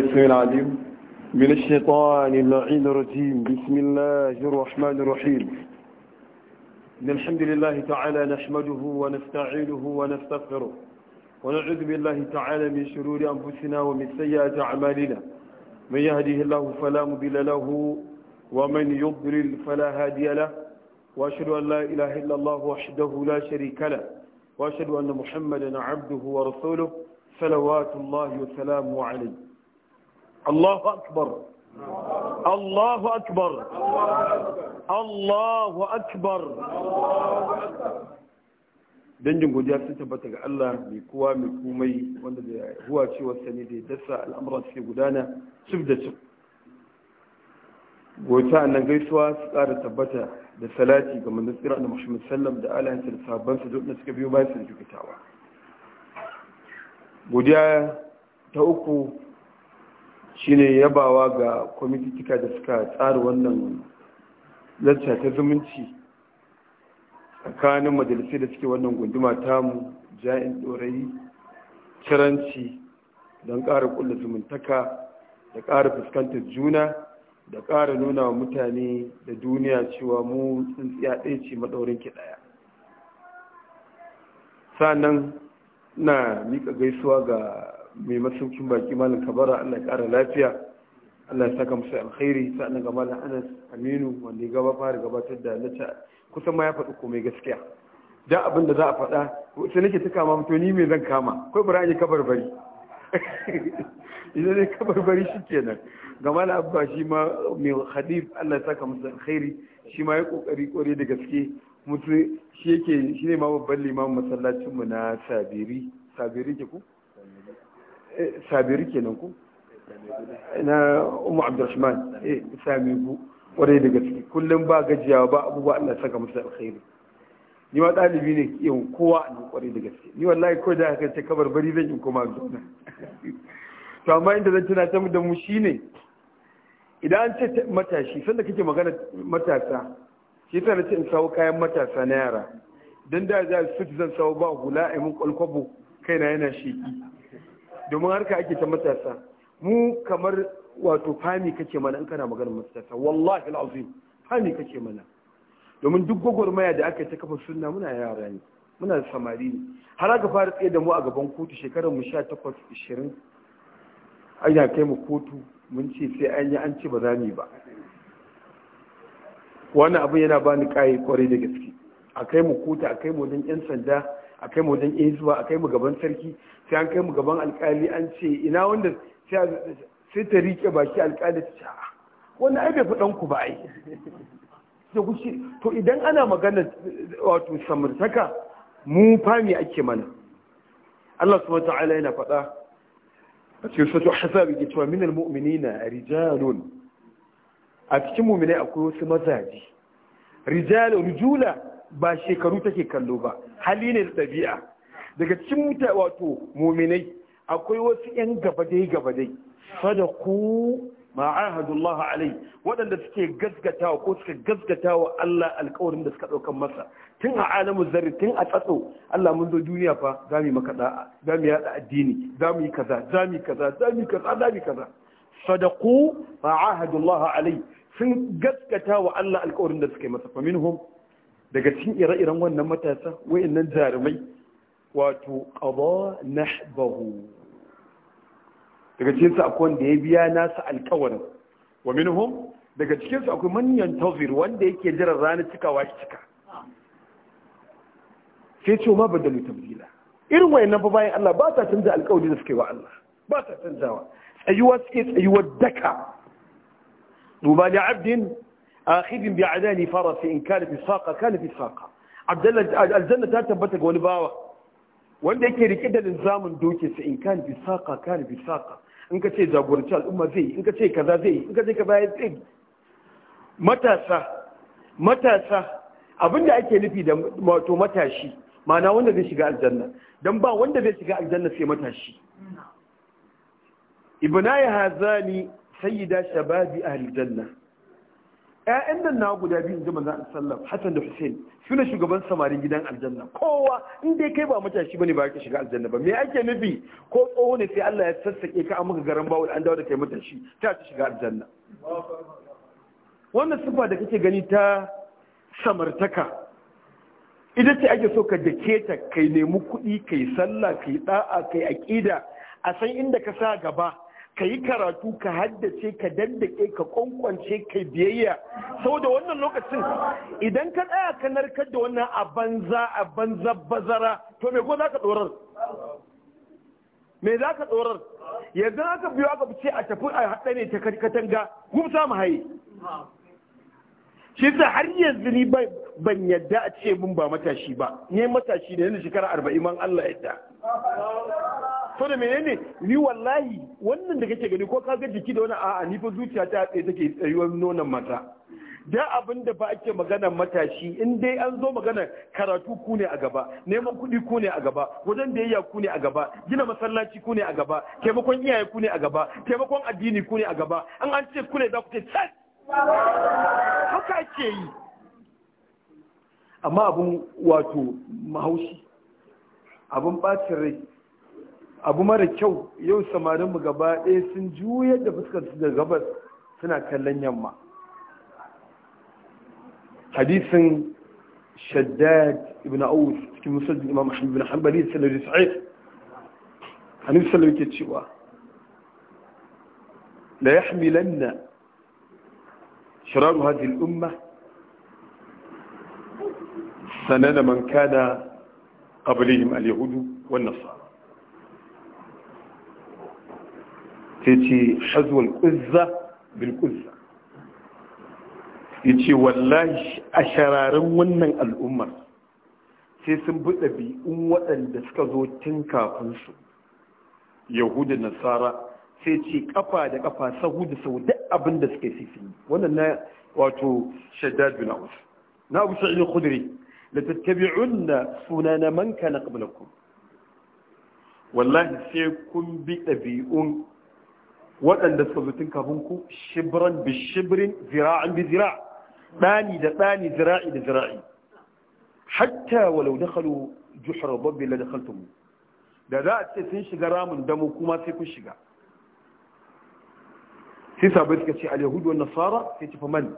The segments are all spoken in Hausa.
السميع العظيم من الشيطان اللعين الرجيم بسم الله الرحمن الرحيم إن الحمد لله تعالى نحمده ونستعينه ونستغفره ونعوذ بالله تعالى من شرور أنفسنا ومن سيئات أعمالنا من يهديه الله فلا مضل له ومن يضلل فلا هادي له وأشهد أن لا إله إلا الله وحده لا شريك له وأشهد أن محمدا عبده ورسوله صلوات الله وسلامه عليه Allahu akbar Allahu akbar Allahu akbar dangin godiya sun tabbata ga Allah mai kowa mai komai wanda da huwa cewa sani da ya dasa al'amura suke gudana cif da cif gota nan gaisuwa su tsara tabbata da salati ga manzon annabi Muhammad sallam da alayansa da sabban su duk suka biyo bayan su da jukutawa godiya ta uku shine yabawa ga kwamititika da suka tsara wannan lacca ta zumunci tsakanin majalisai da suke wannan gunduma tamu ja'in ɗorayi ciranci don ƙara ƙulla zumuntaka da ƙara fuskantar juna da ƙara nuna wa mutane da duniya cewa mu tsintsiya ɗaya ce maɗaurin ki ɗaya sannan na miƙa gaisuwa ga mai masaukin baki malam kabara allah ya kara lafiya allah ya saka musu alkhairi sa'an ga malin anas aminu wanda ya gaba fara gabatar da lacca kusan ma ya faɗi komai gaskiya da abin da za a faɗa sai nake ta kama mutum ni mai zan kama kai bari an yi bari. idan ne bari shi kenan ga malin abba shi ma mai hadif allah ya saka musu alkhairi shi ma ya kokari kore da gaske mutu shi yake shi ne ma babban limamin masallacin mu na sabiri sabiri ke ku sabiri kenan ku na umu abdurrahman eh sami ku kwarai daga ciki kullum ba gajiya ba abubuwa Allah saka musu alkhairi ni ma dalibi ne yin kowa a nan kwarai da gaske ni wallahi ko da aka ce kabar bari zan yi koma zauna to amma inda zan tuna ta da mu shine idan an ce matashi sanda kake magana matasa shi yasa na ce in sawo kayan matasa na yara dan da za su zan sawo ba hula a mun kwalkwabo kaina yana sheki domin harka ake ta matasa mu kamar wato fami kake mana in kana maganar matasa wallahi alazim fami kake mana domin duk gwagwarmaya da aka ta kafa sunna muna yara ne muna samari ne har aka fara tsaye da mu a gaban kotu shekarar mu 18 20 ya kai mu kotu mun ce sai an yi an ci ba za mu yi ba wannan abin yana bani kai kwarai da gaske a kai mu kotu a kai mu wajen yan sanda a kai mu wajen izuwa a kai mu gaban sarki sai an kai mu gaban alkali an ce ina wanda sai ta rike baki alkali ta ce ah, wanda ai bai faɗan ku ba ai to idan ana magana wato samartaka mu fami ake mana Allah subhanahu wa ta'ala yana faɗa a cikin sautu hasabi ke cewa minal mu'minina rijalun a cikin mu'minai akwai wasu mazaji rijalun rujula ba shekaru take kallo ba hali ne da ɗabi'a daga cikin muta wato muminai akwai wasu 'yan gabadai gabadai sadaku ma'ahadullah alai waɗanda suke gasgatawa ko suka gasgatawa Allah alkawarin da suka ɗaukan masa tun a alamu zarri tun a tsatso Allah mun zo duniya fa za mu yi maka da'a za mu yaɗa addini za mu yi kaza za mu yi kaza za mu yi kaza za mu yi kaza sadaku ma'ahadullah alai sun gaskata wa Allah alkawarin da suka yi masa faminhum daga cikin ire-iren wannan matasa wayannan jarumai wato qada nahbahu daga cikin su akwai wanda ya biya nasa alƙawarin wa minhum daga cikin su akwai man yantazir wanda yake jiran ranar cikawa shi cika sai ce ma badalu tabdila irin wayannan fa bayan Allah ba ta canza alƙawari da suke wa Allah ba ta canzawa tsayuwa suke tsayuwar daka duba li abdin آخذ بعدان فرس إن كانت إساقة كانت إساقة الجنة تتبت قول باوة wanda yake rike da linzamin doke sa in kan bi saka kan in ka ce jagoranci al'umma zai in ka ce kaza in ka ce kaza ya zai matasa matasa abinda ake nufi da wato matashi ma'ana wanda zai shiga aljanna dan ba wanda zai shiga aljanna sai matashi ibna ya hazani sayyida shababi aljanna ya'yan nan na guda biyu in ji manzon sallam Hassan da Hussein su ne shugaban samarin gidan aljanna kowa in dai kai ba matashi bane ba ka shiga aljanna ba me ake nufi ko tsoho ne sai Allah ya sassake ka a maka garan bawul an dawo da kai matashi ta ta shiga aljanna wannan sufa da kake gani ta samartaka idan ce ake so ka dake ta kai nemi kuɗi kai sallah kai ɗa'a kai aƙida a san inda ka sa gaba ka yi karatu ka haddace ka daddake ka kwankwance ka biyayya saboda wannan lokacin idan ka tsaya ka narkar da wannan a banza a banza bazara to me ko za ka tsorar me za ka tsorar yanzu aka biyo aka fice a tafi a haɗa ne ta katanga gumsa mu haye shi sa har yanzu ni ban yadda a ce mun ba matashi ba ne matashi ne na shekara arba'in man Allah yadda to da menene ni wallahi wannan da kake gani ko ka ga jiki da wani a'a ni fa zuciya ta tsaye take tsayuwar nonon mata da abin da ba ake magana matashi in dai an zo magana karatu ku ne a gaba neman kuɗi ku ne a gaba wajen yayya ku ne a gaba gina masallaci ku ne a gaba taimakon iyaye ku ne a gaba taimakon addini ku ne a gaba an an ce ku ne za ku ce can haka ake yi amma abin wato mahaushi abin bacin rai abu mara kyau yau samarinmu gaba ɗaya sun juyar da fuskar su da gabas suna kallon yamma hadisin shaddad ibn aus cikin musulun imam ahmad bin hanbali sanadi sahih hanif sallam yake cewa la hamilan na hadhihi al-umma sanana man kana qablihim al-yahud wan nasara sai ce azwal quzza bil quzza yace wallahi a shararin wannan al'ummar sai sun bi ɗabi'un waɗanda suka zo tun kafin su yahuda nasara sai ce ƙafa da ƙafa sahu da sahu duk abin da suka yi wannan na wato shaddad bin na abu sa'id khudri la suna na manka na qablakum wallahi sai kun bi ɗabi'un waɗanda suka zo tun kafin ku shibran bi shibrin zira'an bi zira' ɗani da ɗani zira'i da zira'i hatta walau dakhalu juhra dabbi la dakhaltum da za a ce sun shiga ramin damo kuma sai kun shiga sai sabai suka ce al-yahudu wa nasara sai ce fa man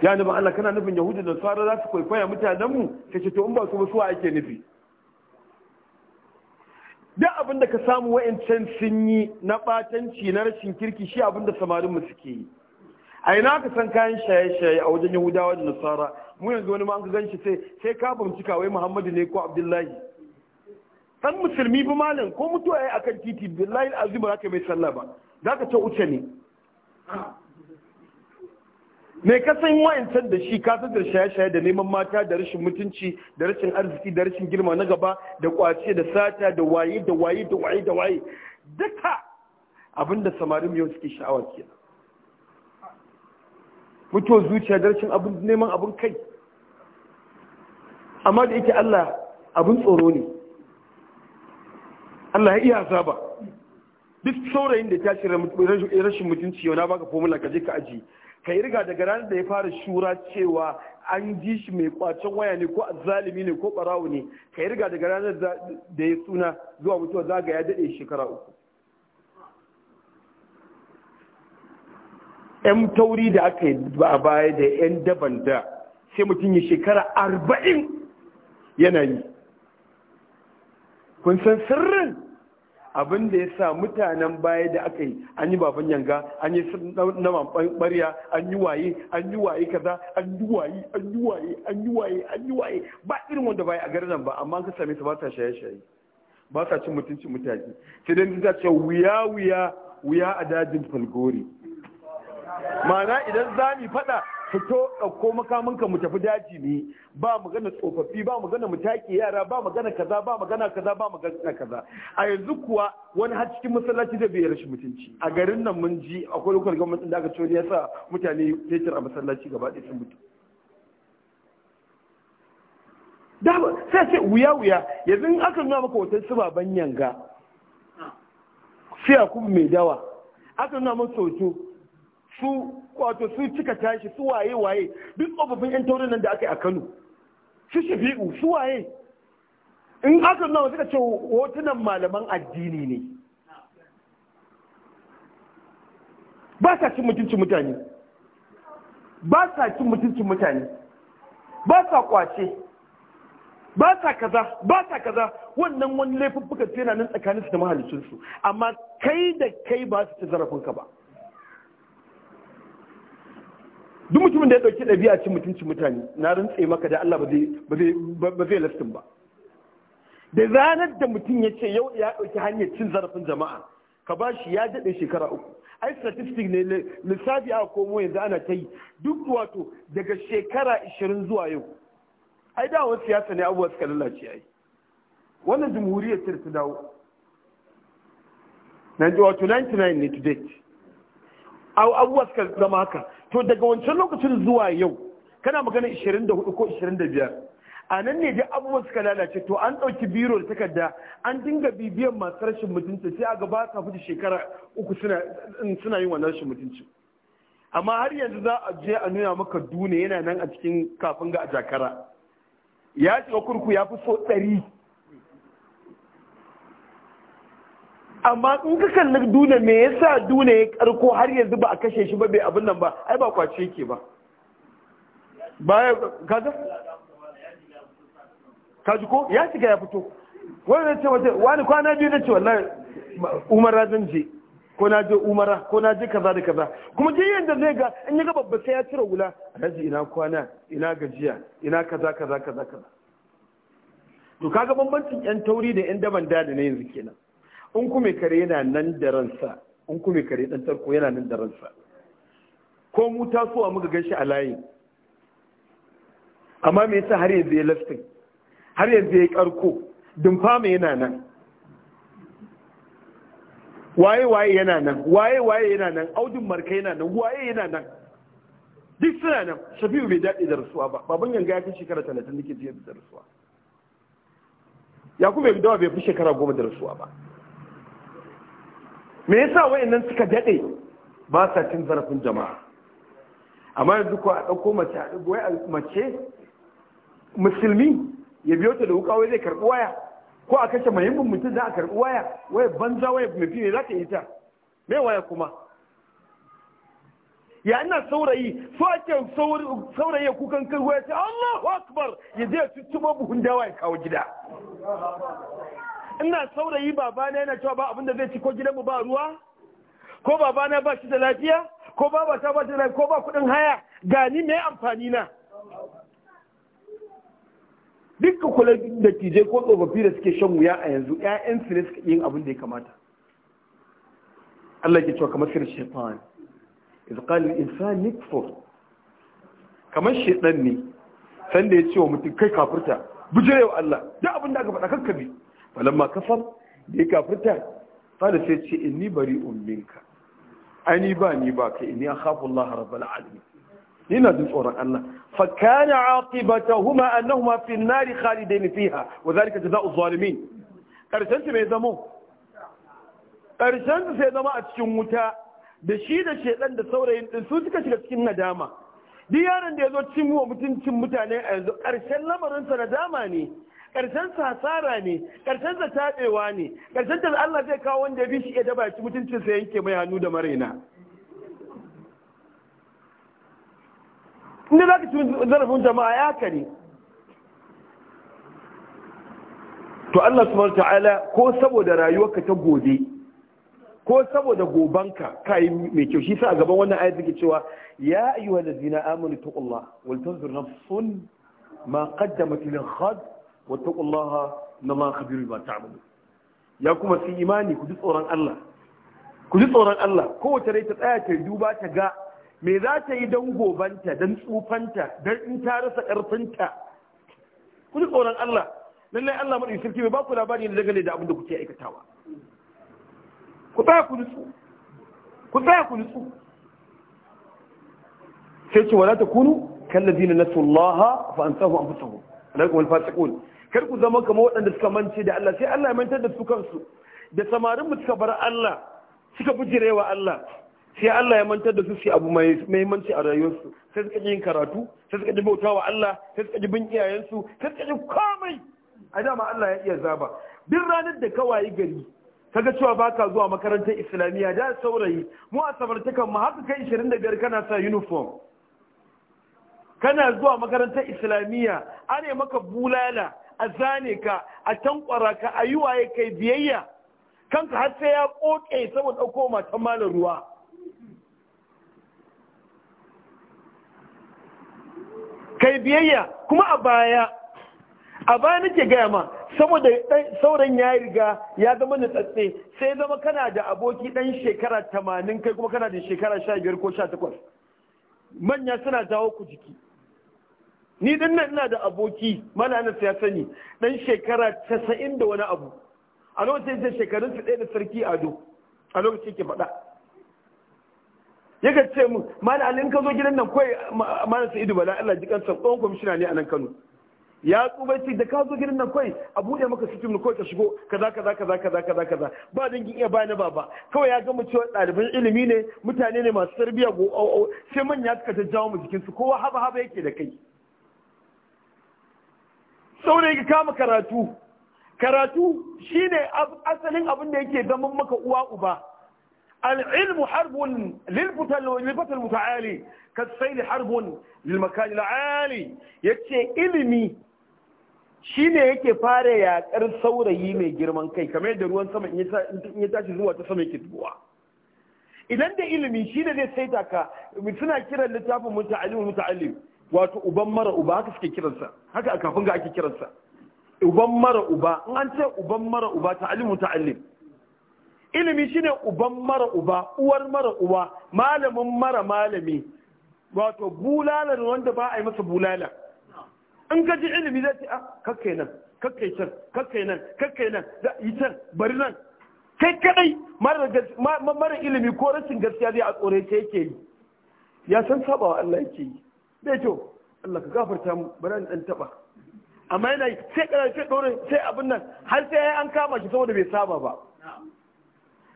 ya nufin Allah kana nufin yahudu da nasara za su kwaikwaya mutanenmu sai ce to in ba su ba su ake nufi duk abin da ka samu wa'ancan sun yi na ɓatanci na rashin kirki shi abin da samarinmu suke yi a ina ka san kayan shaye-shaye a wajen yahudawa da nasara mu yanzu wani ma an ka gan shi sai sai ka bamci kawai muhammadu ne ko abdullahi dan musulmi bi malam ko mutuwa yayi akan titi billahi azim ba ka mai sallah ba za ka ta uce ne me ka san wa'ancan da shi ka da shaye-shaye da neman mata da rashin mutunci da rashin arziki da rashin girma na gaba da kwace da sata da waye da waye da waye da waye duka abinda samari yau suke sha'awa kenan mutuwa zuciya da rashin abin neman abin kai amma da yake Allah abin tsoro ne Allah ya iya azaba duk saurayin da ta ce rashin mutunci yau na baka fomula ka je ka ajiye ka yi riga daga ranar da ya fara shura cewa an ji shi mai kwacen waya ne ko zalimi ne ko barawo ne ka yi riga daga ranar da ya suna zuwa mutuwa zagaya ya daɗe shekara uku yan tauri da aka yi ba baya da yan daban da sai mutum ya shekara arba'in yana yi kun san sirrin abin da ya sa mutanen baya da aka yi an yi baban yanga an yi naman ɓarya an yi waye an yi waye kaza an yi waye an yi waye an yi waye an yi waye ba irin wanda baya a garin nan ba amma ka same su ba sa shaye-shaye ba sa cin mutuncin mutane sai dai ta ce wuya wuya wuya a dajin falgori ma'ana idan za mu faɗa fito ɗauko makaminka mu tafi daji ne ba magana tsofaffi ba magana mu take yara ba magana kaza ba magana kaza ba magana kaza a yanzu kuwa wani har cikin masallaci zai bai rashin mutunci a garin nan mun ji akwai lokacin gwamnati da aka ce ya sa mutane fetur a masallaci gaba ɗaya sun mutu dama sai sai wuya wuya yanzu in aka nuna maka wata suba ban yanga ah. sai a kuma mai dawa aka nuna maka hoto su wato su cika tashi su waye waye duk tsofaffin yan taurin nan da aka yi a Kano su shafi'u su waye in aka nawa suka ce hotunan malaman addini ne ba sa cin mutuncin mutane ba sa cin mutuncin mutane ba sa kwace ba sa kaza ba sa kaza wannan wani laifuffukan sai yana nan tsakaninsu da mahalicinsu amma kai da kai ba su ci zarafinka ba duk mutumin da ya ɗauki ɗabi'a cin mutuncin mutane na rantse maka da Allah ba zai lastin ba da ranar da mutum ya ce yau ya ɗauki hanyar cin zarafin jama'a ka ba shi ya daɗe shekara uku ai statistic ne lissafi a komo yanzu ana ta yi duk wato daga shekara ishirin zuwa yau ai wani siyasa ne abubuwa suka lalace ai wannan jamhuriyar ce ta dawo wato 99 ne to date abubuwa suka zama haka to daga wancan lokacin zuwa yau kana magana 24 ko 25 a nan ne dai abubuwa suka lalace to an ɗauki biro da takarda an dinga bibiyan masu rashin mutunci sai a gaba ta fi shekara uku suna yin wannan rashin mutunci amma har yanzu za a je a nuna maka dune yana nan a cikin kafin ga a jakara ya shiga kurku ya fi so ɗari amma in ka kalli duna me yasa duna ya karko har yanzu ba a kashe shi ba bai abin nan ba ai ba kwace yake ba baya kaga kaji ko ya shiga ya fito wani ne ce wace wani kwana biyu na ce wallahi Umar zan je ko na je umara ko na je kaza da kaza kuma je yanda zai ga in ya ga babba sai ya cire wula alhaji ina kwana ina gajiya ina kaza kaza kaza kaza to kaga bambancin yan tauri da yan daban da ne yanzu kenan in kuma kare yana nan da ransa in kuma kare dan tarko yana nan da ransa ko mu tasowa muka gan shi a layi amma me yasa har yanzu ya laftin har yanzu ya karko dumfa me yana nan waye waye yana nan waye waye yana nan audin marka yana nan waye yana nan duk suna nan shafi'u bai daɗe da rasuwa ba baban yanga ya fi shekara talatin da ke da rasuwa ya kuma bai dawa bai fi shekara goma da rasuwa ba me yasa wayannan suka dade ba sa cin zarafin jama'a amma yanzu ko a ɗauko mace a dubo mace musulmi ya biyo ta da wuka wai zai karɓi waya ko a kashe mahimmin mutum da a karɓi waya waya banza waya mafi ne za ta yi ta me waya kuma ya ina saurayi so ake saurayi ya kukan kai waya ce Allahu akbar ya je ya tuttuma buhun dawa ya kawo gida ina saurayi babana yana cewa ba abin da zai ci ko gidanmu ba ruwa ko babana ba shi da lafiya ko baba ta ba da lafiya ko ba kudin haya gani mai amfani na dukkan kula da tije ko tsofaffi da suke shan wuya a yanzu ƴaƴan su ne suka yin abin da ya kamata Allah ke cewa kamar sirri shaitan iz qala insan nikfur kamar shaitan ne sanda ya ce wa mutum kai kafirta bijirewa Allah duk abin da aka faɗa kakkabi falamma kafar da ya kafirta fada sai ce ni bari umminka ani ba ni ba ka inni akhafu Allah rabbal alamin ina jin tsoron Allah fa kana huma annahuma fi an-nar khalidain fiha wa zalika jazaa'u zalimin karshen su mai zamo karshen su sai zama a cikin wuta da shi da shedan da saurayin din su suka shiga cikin nadama duk yaron da ya zo cin wa mutuncin mutane a yanzu ƙarshen lamarinsa nadama ne karshen sasara hasara ne karshen sa taɓewa ne karshen ta Allah zai kawo wanda bi shi ya daba shi mutuncin sa yanke mai hannu da maraina inda za ka ci zarafin jama'a ya kare to Allah marta ta'ala ko saboda rayuwarka ta gobe ko saboda gobanka ka yi mai kyau shi sa a gaban wannan ayat yake cewa ya ayyuhallazina amanu taqullah wal tanzur nafsun ma qaddamat lil واتقوا الله إن الله خبير بما تعملون ya kuma su imani ku ji tsoron Allah ku ji tsoron Allah kowace rai ta tsaya ta duba ta ga me za ta yi don gobanta don tsufanta don in ta rasa ƙarfinta ku ji tsoron Allah lallai Allah mai sarki bai ba ku labari ne dangane da abin da kuke aikatawa ku tsaya ku nutsu ku tsaya ku nutsu sai ce wala kunu kallazina nasu Allah fa ansahum anfusahum alaikum al-fasiqun kar ku zama kamar waɗanda suka mance da Allah sai Allah ya mantar da su kansu da samarin mu suka bar Allah suka bujirewa Allah sai Allah ya mantar da su su abu mai muhimmanci a rayuwarsu sai suka yin karatu sai suka ji bautawa Allah sai suka ji bin iyayensu sai suka ji komai a dama Allah ya iya zaba Bin ranar da ka wayi gari kaga cewa baka zuwa makarantar islamiyya da saurayi mu a samartakan mu haka kai 25 kana sa uniform kana zuwa makarantar islamiyya are maka bulala a zane ka a tankwara ka a yi waye kai biyayya kanka har sai ya koke saboda ɗauko matan malar ruwa kai biyayya kuma a baya a baya nake gaya ma saboda sauran ya riga ya zama nutsatse sai zama kana da aboki ɗan shekara tamanin kai kuma kana da shekara sha biyar ko sha takwas manya suna dawo ku jiki ni din nan ina da aboki malamin ya sani dan shekara 90 da wani abu a lokacin da shekarun su ɗaya da sarki ado a lokacin ke faɗa yakan ce mu in ka zo gidan nan mana sai idu bala Allah ji kansa tsohon kwamishina ne a nan Kano ya ce da ka zo gidan nan kawai a buɗe maka sitin kawai ka shigo kaza kaza kaza kaza kaza kaza ba gi iya bani ba ba kawai ya gama cewa ɗaliban ilimi ne mutane ne masu tarbiyya sai manya suka jawo mu jikinsu kowa haba haba yake da kai saboda ka kama karatu karatu shine asalin abin da yake zaman maka uwa uba Al'ilmu lilfatar العلم حرب للفتى المتعالي كالسيل حرب للمكان Ya ce ilimi shine yake fara yaƙar saurayi mai girman kai kamar yadda ruwan sama in ya tashi zuwa ta sama yake tubuwa idan da ilimi shi ne zai saita ka suna kiran littafin mu muta'allim wato uban mara uba haka suke kiransa haka a kafin ga ake kiransa uban mara uba in an ce uban mara uba ta'alimu ta'allim ilimi shine uban mara uba uwar mara uba, malamin mara malami wato bulalar wanda ba a yi masa bulala in ka ji ilimi zai ce ah kakkai nan kakkai can kakkai nan kakkai nan yi can bari nan kai kadai mara ilimi ko rashin gaskiya zai a ta yake yi ya san saba wa Allah yake yi bai kyau Allah ka gafarta mu bari an dan taba amma yana sai kana sai dore sai abin nan har sai an kama shi saboda bai saba ba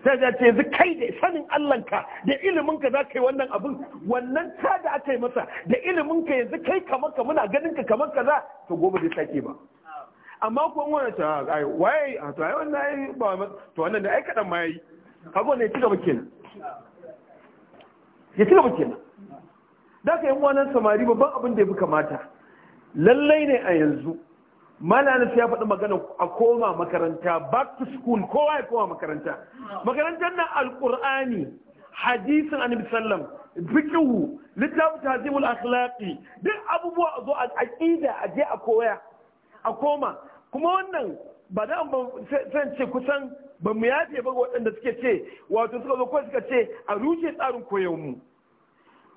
sai ya ce yanzu kai da sanin ka da ilimin za ka yi wannan abin wannan ta da aka yi masa da ilimin ka yanzu kai kamar ka muna ganin ka kamar kaza to gobe zai sake ba amma ko wani ta ah, ai waye ah, to ai wannan ai ba to wannan da ai kadan ma yi. kago ne ci gaba kenan ya ci gaba kenan da ka yi wannan samari babban abin da ya fi kamata lallai ne a yanzu malamin ya faɗi magana a koma makaranta back to school kowa ya koma makaranta makarantar na alƙur'ani hadisin annabi sallam littafi littafin tahzimul akhlaqi duk abubuwa a zo a aqida a je a koya a koma kuma wannan ba da an san ce kusan ba mu yafe ba waɗanda suke ce wato suka zo ko suka ce a rushe tsarin koyon mu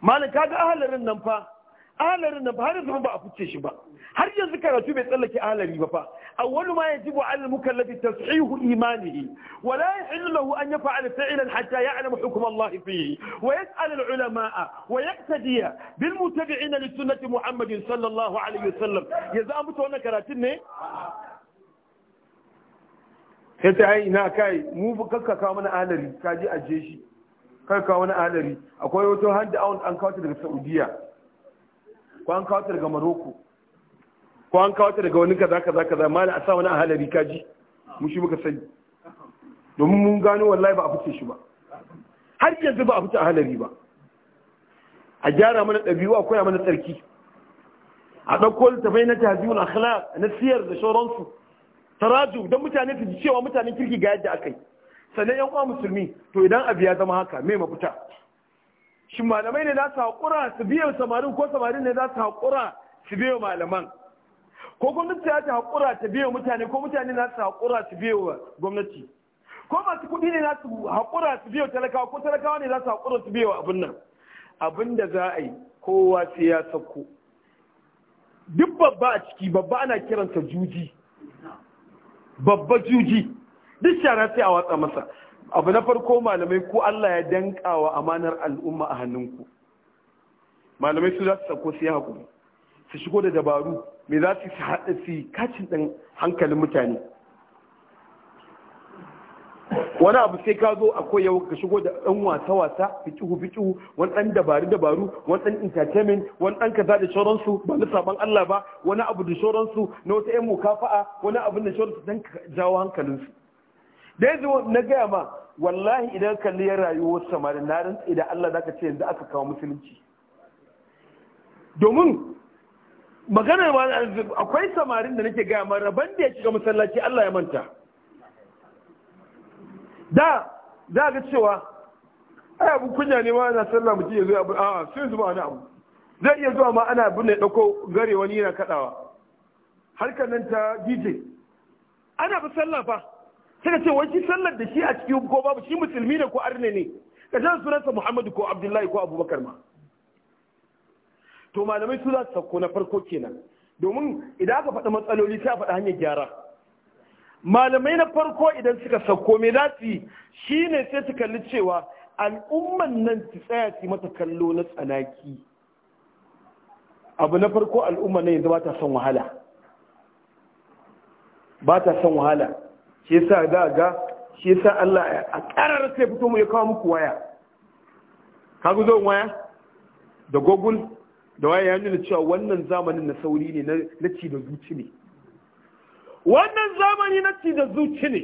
malin kaga ahalarin nan fa ahalarin nan fa har yanzu ba a fice shi ba har yanzu karatu bai tsallake ahalari ba fa awwalu ma yajibu ala al-mukallafi tashihu imanihi wa la yahillu lahu an yaf'ala fi'lan hatta ya'lama hukm Allah fihi wa yas'al al-ulama wa yaqtadi bil mutabi'ina li sunnati Muhammad sallallahu alaihi wasallam yanzu an fito wannan karatun ne sai ta yi ina kai mu kakkaka mana ahalari kaji aje shi kai kawo wani adari akwai wato hand out an kawo ta daga saudiya ko an kawo ta daga maroko ko an kawo ta daga wani kaza kaza kaza mala a sa wani halari kaji mu shi muka sani domin mun gano wallahi ba a fice shi ba har yanzu ba a fice halari ba a gyara mana ɗabi'u a koya mana tsarki a ɗauko littafai na tajiyun akhlaq na siyar da shauransu taraju don mutane su ji cewa mutanen kirki ga yadda akai sannan yan uwa musulmi to idan abu ya zama haka me mafita shin malamai ne za su haƙura su biya samarin ko samarin ne za su haƙura su biya malaman ko gwamnati za ta haƙura ta biya mutane ko mutane za su haƙura su biya gwamnati ko masu kuɗi ne za su haƙura su biya talakawa ko talakawa ne za su haƙura su biya abin nan abin da za a yi kowa sai ya sauko duk babba a ciki babba ana kiransa juji babba juji duk shara sai a watsa masa abu na farko malamai ko Allah ya danka wa amanar al'umma a hannunku malamai su za su sako su yi hakuri su shigo da dabaru me za su haɗa su yi kacin ɗan hankalin mutane wani abu sai ka zo akwai yau ka shigo da ɗan wasa-wasa fitihu fitihu wani ɗan dabaru dabaru wani ɗan entertainment wani ɗan kaza da shoransu ba na saban Allah ba wani abu da shoransu na wata 'yan mukafa'a wani abu da shoransu don jawo hankalinsu da yanzu na gaya ma wallahi idan kalli ya rayuwar samarin na rantsi idan Allah ka ce yanzu aka kawo musulunci domin maganar ma akwai samarin da nake gaya ma rabon da ya shiga masallaci Allah ya manta da za ga cewa ai abu kunya ne ma ana sallah mu ya zo abu a sun zuwa wani abu zai iya zuwa ma ana abin da dauko gare wani yana kadawa harkar nan ta DJ ana ba sallah fa suka ce wai shi sallar da shi a cikin ko babu shi musulmi ne ko arne ne ka jan sunansa muhammadu ko abdullahi ko abubakar ma to malamai su za su sauko na farko kenan domin idan aka faɗi matsaloli sai a faɗi hanyar gyara malamai na farko idan suka sauko me za su yi shi ne sai su kalli cewa al'umman nan su tsaya su mata kallo na tsanaki abu na farko al'umman nan yanzu ba ta son wahala ba ta son wahala shi yasa ga ga shi yasa Allah a karar sai fito mu ya kawo muku waya kaga zo waya da google da waya ya nuna cewa wannan zamanin na sauri ne na ci da zuci ne wannan zamani na ci da zuci ne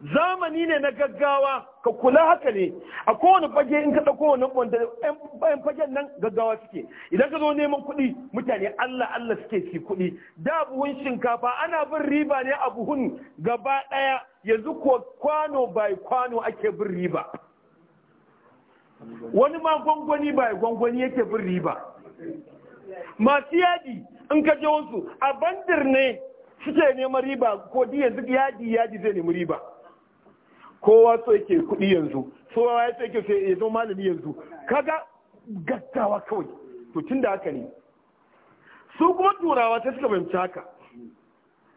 zamani ne na gaggawa ka kula haka ne a kowane fage in ka ɗauko wani wanda bayan fagen nan gaggawa suke idan ka zo neman kuɗi mutane Allah Allah suke ci kuɗi da buhun shinkafa ana bin riba ne a buhun gaba ɗaya yanzu ko kwano bai kwano ake bin riba wani ma gwangwani bai gwangwani yake bin riba masu yadi in ka je wasu a bandir ne suke neman riba ko yanzu yadi yadi zai nemi riba kowa so yake kuɗi yanzu kowa ya so yake sai ya zama malami yanzu kaga gaggawa kawai to tun da haka ne su kuma turawa ta suka fahimci haka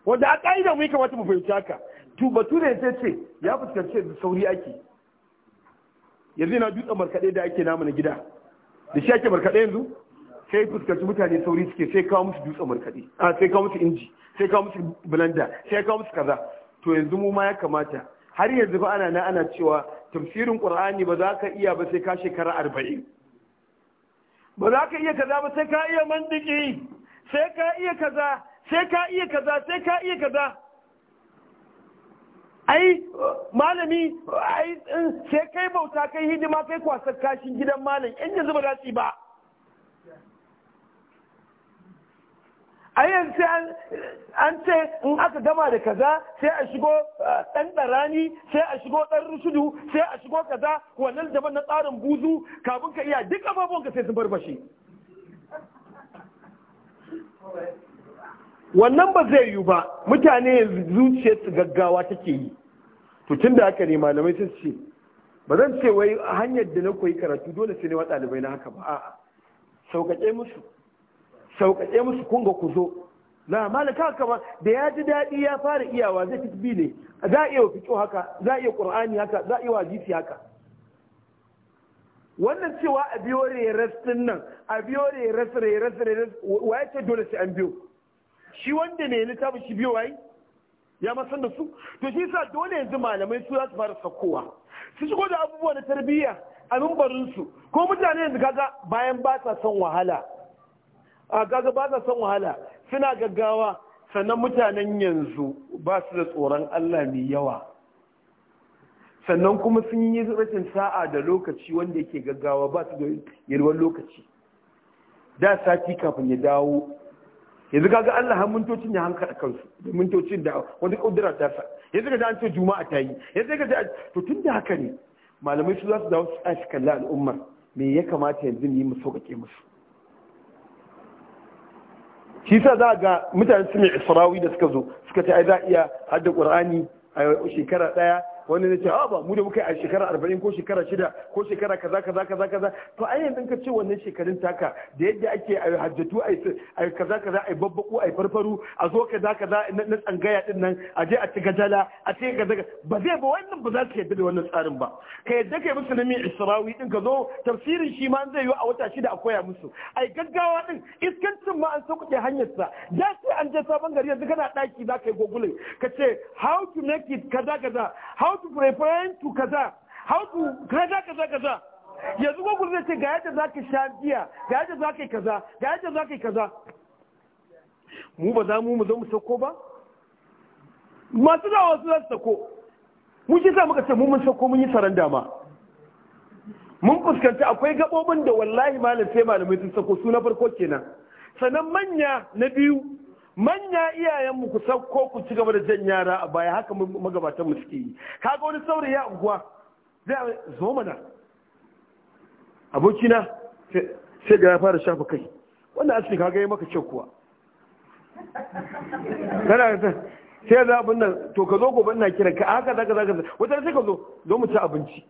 wanda a ƙa'ida mu kamata mu fahimci haka to da ya ce ya fuskanci da sauri ake yanzu yana dutsen markaɗe da ake namu na gida da shi ake markaɗe yanzu sai fuskanci mutane sauri suke sai kawo musu dutsen markaɗe ah, sai kawo musu inji sai kawo musu blender sai kawo musu kaza to yanzu mu ma ya kamata har yanzu ba ana na ana cewa tafsirin qur'ani ba za ka iya ba sai ka shekara arba'in ba za ka iya kaza ba sai ka iya mandiki sai ka iya kaza sai ka iya kaza sai ka iya kaza ai malami ai sai kai bauta kai hidima kai kwasar kashin gidan malam yan yanzu ba za su yi ba a yanzu sai an ce in aka gama da kaza sai a shigo eh, ɗan ɗarani sai a shigo ɗan rushudu sai a shigo kaza wannan daban na tsarin buzu kafin ka iya duk abubuwan ka sai sun barbashi wannan ba zai yiwu ba mutane zuciyar su gaggawa take yi to da haka ne malamai sun ce ba zan ce wai hanyar da na koyi karatu dole sai ne wa ɗalibai na haka ba a'a sauƙaƙe musu sauƙaƙe musu kunga ku zo na kama da ya ji daɗi ya fara iyawa zai fi ne za a iya fiƙo haka za a iya ƙur'ani haka za a iya hadisi haka wannan cewa a biyo reras din nan a biyo reras reras reras wa ya ce dole sai an biyo shi wanda ne shi biyo ya da su to shi sa dole yanzu malamai su za su fara sakowa su shigo da abubuwa na tarbiyya a mimbarin su ko mutane yanzu kaga bayan ba sa son wahala a kaga ba sa son wahala suna gaggawa sannan mutanen yanzu ba su da tsoron Allah mai yawa sannan kuma sun yi rashin sa'a da lokaci wanda yake gaggawa ba su da yalwar lokaci da sati kafin ya dawo yanzu kaga Allah har mintocin ya hanka a kansu da mintocin da wani kudura ta sa yanzu ga an ce juma'a ta yi yanzu ga ji to tun da haka ne malamai su za su dawo su tashi kalla al'ummar me ya kamata yanzu mu yi mu sauƙaƙe musu shi sa za ga mutane su mai isra'awi da suka zo suka ce ai za iya hadda qur'ani a shekara ɗaya. wani ne ce a ah, ba mu da muka a shekara arba'in ko shekara shida ko shekara kaza kaza kaza kaza to ai yanzu ka ce wannan shekarun taka da yadda ake a hajjatu a kaza kaza a babbaku a farfaru a zo kaza kaza na tsangaya din nan a je a ci gajala a ci gaza ba zai ba wannan ba za su yadda da wannan tsarin ba ka yadda kai musu na israwi din ka zo tafsirin shi ma zai yi a wata shida a koya musu ai gaggawa din iskancin ma an sauƙaƙe hanyarsa da sai an je sabon gari yanzu kana ɗaki za ka yi gogulin ka ce how to make it kaza kaza how to prepare to kaza how to kaza kaza kaza yanzu google zai ce ga yadda za ka sha biya ga yadda za ka yi kaza ga yadda za ka yi kaza mu ba za mu mu zo mu sako ba masu da wasu za su sako mun shi sa muka ce mu mun sako mun yi tsaron dama mun fuskanci akwai gabobin da wallahi malam sai malamai sun sako su na farko kenan sannan manya na biyu manya iyayenmu ku sauko ku ci gaba da jan yara a baya haka magabatan mu suke yi kaga wani saurayi ya unguwa zai zo mana abokina sai ga ya fara shafa kai wannan asibiti kaga yi maka kyau kuwa kana ta sai za abin nan to ka zo gobe ina kiran ka haka zaka zaka wata sai ka zo zo mu ci abinci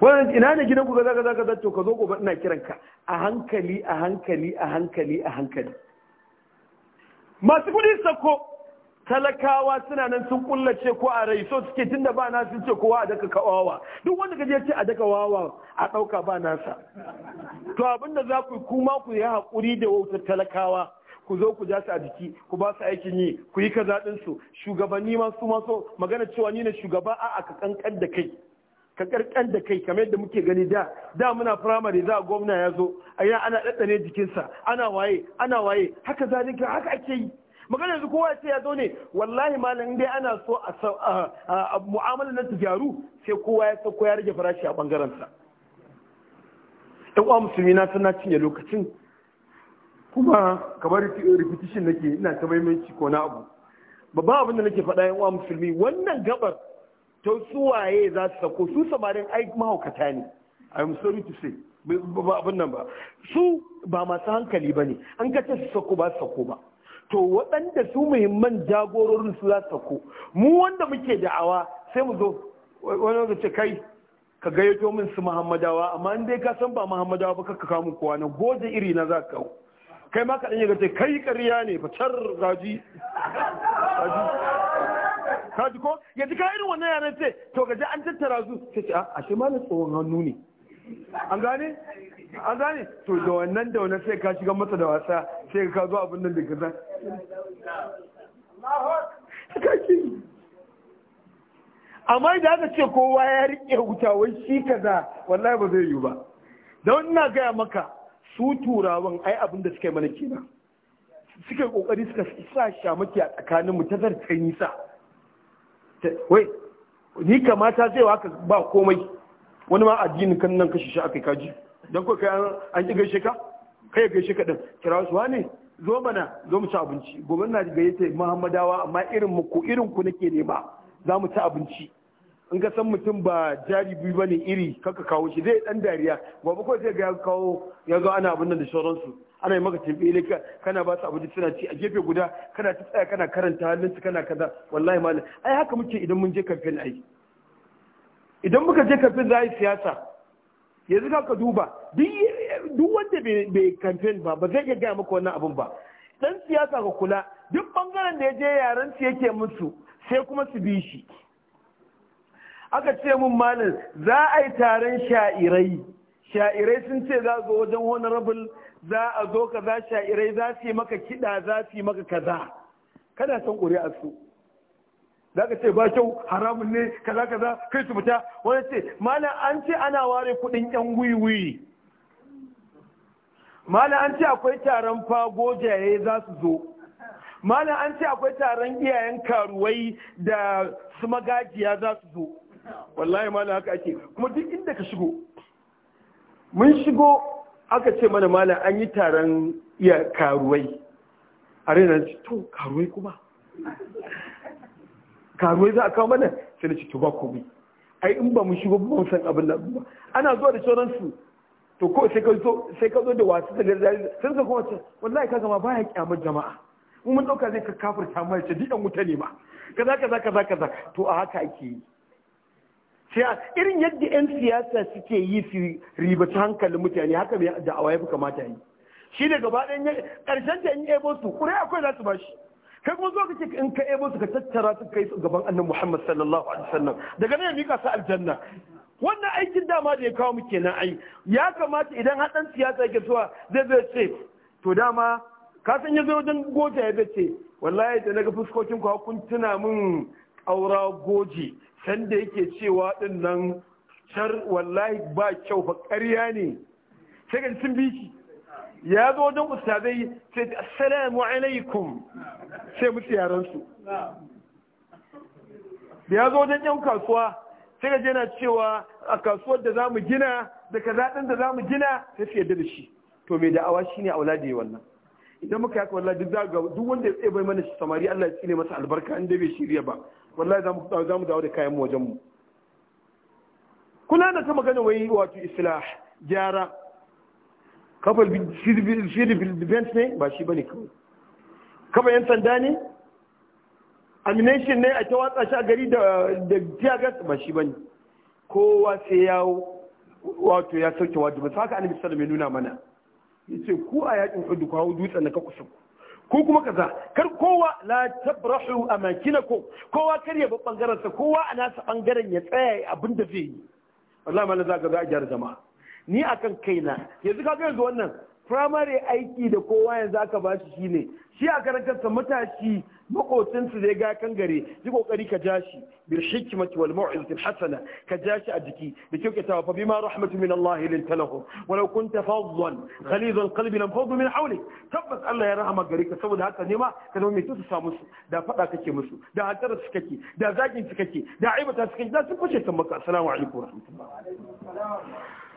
wannan ina ne gidan ku zaka zaka to ka zo gobe ina kiran ka a hankali a hankali a hankali a hankali masu kudi sako talakawa suna nan sun kullace ko a rai so suke tunda ba na sun ce kowa a daka kawawa duk wanda kaje ce a daka wawa a dauka ba nasa to abinda za ku kuma ku yi hakuri da wautar talakawa ku zo ku ja su a jiki ku ba su aikin yi ku yi kaza din shugabanni ma su magana cewa ni ne shugaba a aka kankan da kai ka karkan da kai kamar yadda muke gani da da muna firamare za gwamna ya zo a yana ana ɗaɗɗane jikinsa ana waye ana waye haka zalika haka ake yi magana yanzu kowa sai ya zo ne wallahi malam dai ana so a mu'amala na ta gyaru sai kowa ya sauko ya rage farashi a bangaren sa musulmi na suna cinye lokacin kuma kamar repetition nake ina ta maimanci ko na abu babban abin da nake faɗa yan uwa musulmi wannan gabar to suwaye za su sako su samarin aiki mahaukata ne i'm sorry to say ba abin nan ba su ba masu hankali ba ne an kace su sako ba su sako ba to waɗanda su muhimman jagororin su za su sako mu wanda muke da'awa sai mu zo wani wanda ce kai ka gayyato min su muhammadawa amma in dai ka san ba muhammadawa ba ka kawo min kowa na goje iri na za ka kai ma ka ɗan ce kai ƙarya ne fa gaji ka ji ko yanzu ka irin wannan yaran sai. to ka ji an tattara su sai ce a ah, shi ma tsohon hannu ne an gane an gane to da wannan da wannan sai ka shiga masa da wasa sai ka zo abin nan da kaza amma da aka ce kowa ya riƙe wutawai shi kaza wallahi ba zai yiwu ba don ina gaya maka su turawan ai abin da suka yi mana kenan suka yi kokari suka sa shamaki a tsakaninmu ta zartar nisa wai ni kamata zai waka ba komai wani ma addinin kan nan kashi shi aka kaji don kai an ƙi gaishe ka kai gaishe ka din kira su wane zo mana zo mu ci abinci gobe na gayyata muhammadawa amma irin mu ko irin ku nake nema za mu ci abinci in ka san mutum ba jari biyu bane iri kaka kawo shi zai dan dariya gobe ko zai ga kawo ya zo ana abin nan da sauransu ana yi maka ka kana ba su abinci suna ci a gefe guda kana ta tsaya kana karanta su kana kaza wallahi malam ai haka muke idan mun je kamfen ai idan muka je kamfen za a yi siyasa yanzu ka ka duba duk wanda bai kamfen ba ba zai iya gaya maka wannan abin ba dan siyasa ka kula duk bangaren da ya je yaren su yake musu sai kuma su bi shi aka ce mun malam za a yi taron sha'irai sha'irai sun ce za zo wajen honorable za a zo kaza sha'irai za su yi maka kiɗa za su yi maka kaza kana son ƙuri'ar su za ka ce ba kyau haramun ne kaza kaza kai su fita wani ce mana an ce ana ware kuɗin yan wiwi mana an ce akwai taron fagojaye za su zo mana an ce akwai taron iyayen karuwai da su magajiya za su zo wallahi mana haka ake kuma duk inda ka shigo mun shigo aka ce mana malam an yi taron iya karuwai a raina ci to karuwai kuma karuwai za a kawo mana sai na ci to ba komai ai in ba mun shigo ba san abin da ba ana zuwa da sauransu to ko sai ka zo sai ka zo da wasu da gargajiya sai ka kuma ce wallahi kaga ma baya kyamar jama'a mun dauka zai ka kafirta mai ce didan wuta ne ma kaza kaza kaza kaza to a haka ake yi irin yadda 'yan siyasa suke yi su riba ta hankalin mutane haka mai da ya fi kamata yi shi ne gaba ɗayan ƙarshen ta in ebo su ƙuri akwai za su ba shi kai kuma zo ka ce in ka ebo ka tattara su kai su gaban annabi Muhammad sallallahu alaihi wasallam daga nan ya mika su aljanna wannan aikin dama da ya kawo mu kenan ai ya kamata idan har ɗan siyasa yake zuwa zai zai ce to dama ka san ya zo wajen goja ya ce wallahi da na ga fuskokin ku kun tuna min aura goji can da yake cewa din nan shar wallahi ba kyau fa ƙarya ne sai ga sun bi shi ya zo wajen ustazai sai ta assalamu alaikum sai musu yaran ya zo wajen yan kasuwa sai ga yana cewa a kasuwar da zamu gina da kaza din da zamu gina sai su yarda da shi to mai da'awa shine auladi wannan idan muka yaka wallahi duk za duk wanda ya bai mana samari Allah ya tsine masa albarka inda bai shirya ba wallahi za mu dawo da kayan wajen mu kuna da ta magana wai wato islah gyara kafar shirin ne ba shi ba ne kawai kafa yan sanda ne amination ne a ta watsa shi a gari da tiyagas ba shi ba ne kowa sai ya wato ya sauke wajibin haka annabi sallallahu alaihi wasallam ya nuna mana yace ku a yakin hudu ku hawo dutsen na ka kusa ko kuma kaza kar kowa la tabrahu amakinakum kowa kar ya bangaren sa kowa a nasa bangaren ya tsaya abin da zai yi wallahi za za a gyara jama'a ni akan kaina yanzu ka ga yanzu wannan firamare aiki da kowa yanzu aka ba shi shine shi a karantarsa matashi makocinsu zai ga kan gare ji kokari ka ja shi bil hikmati wal mau'izati hasana ka jashi shi a jiki da kyautatawa fa bima rahmatu min Allah lil talahu walau kunta faddan ghaliz al qalbi lam faddu min hawlik tabbas Allah ya rahama gare ka saboda haka ne ma ka zama mai samu su. da fada kake musu da hatara su kake da zakin su kake da aibata su kake da sun fice kan maka assalamu alaikum wa rahmatullahi